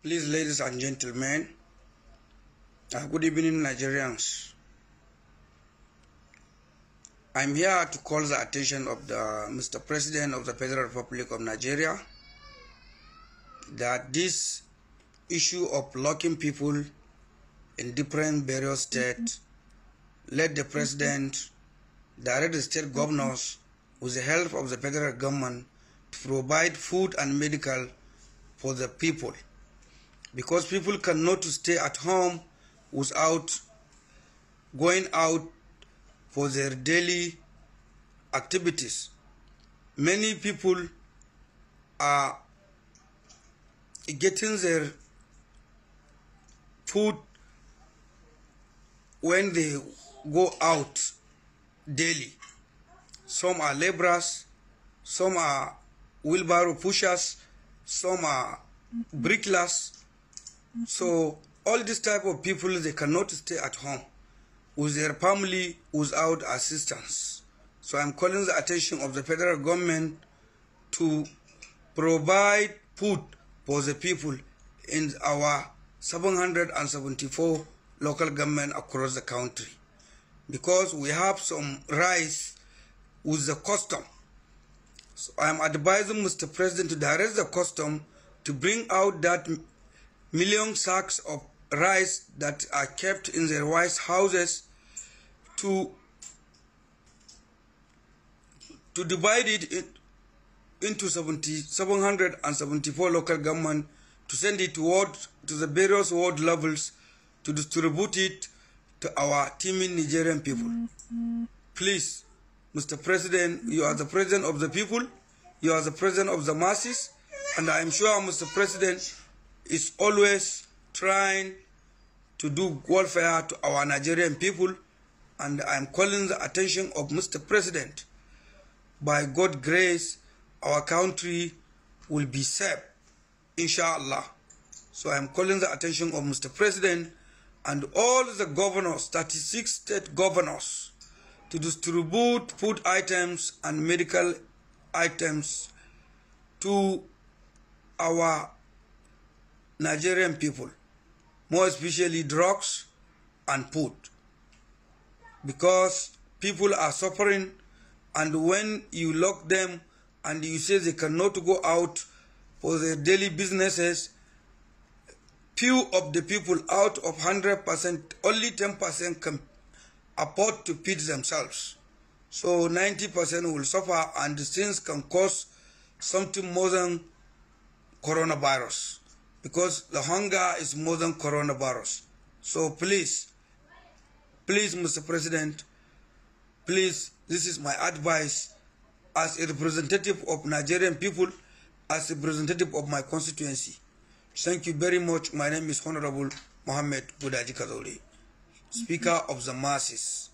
Please, ladies and gentlemen, uh, good evening, Nigerians. I'm here to call the attention of the Mr. President of the Federal Republic of Nigeria that this issue of locking people in different burial states let the president direct the state governors with the help of the federal government to provide food and medical for the people because people cannot stay at home without going out for their daily activities. Many people are getting their food when they go out daily. Some are laborers, some are wheelbarrow pushers, some are bricklayers, so all these type of people they cannot stay at home with their family without assistance. So I'm calling the attention of the federal government to provide food for the people in our 774 local government across the country because we have some rice with the custom. So I'm advising Mr. President to direct the custom to bring out that million sacks of rice that are kept in the rice houses to to divide it into 70, 774 local government to send it to to the various ward levels to distribute it to our teeming Nigerian people. Please, Mr. President, you are the president of the people, you are the president of the masses, and I am sure, Mr. President, is always trying to do welfare to our Nigerian people and I'm calling the attention of Mr. President. By God's grace, our country will be saved, inshallah. So I'm calling the attention of Mr. President and all the governors, 36 state governors, to distribute food items and medical items to our Nigerian people, more especially drugs and food, because people are suffering, and when you lock them and you say they cannot go out for their daily businesses, few of the people out of 100%, only 10% can afford to feed themselves. So 90% will suffer and things can cause something more than coronavirus because the hunger is more than coronavirus. So please, please, Mr. President, please, this is my advice as a representative of Nigerian people, as a representative of my constituency. Thank you very much. My name is Honorable Mohammed Budaji Kadori, Speaker of the Masses.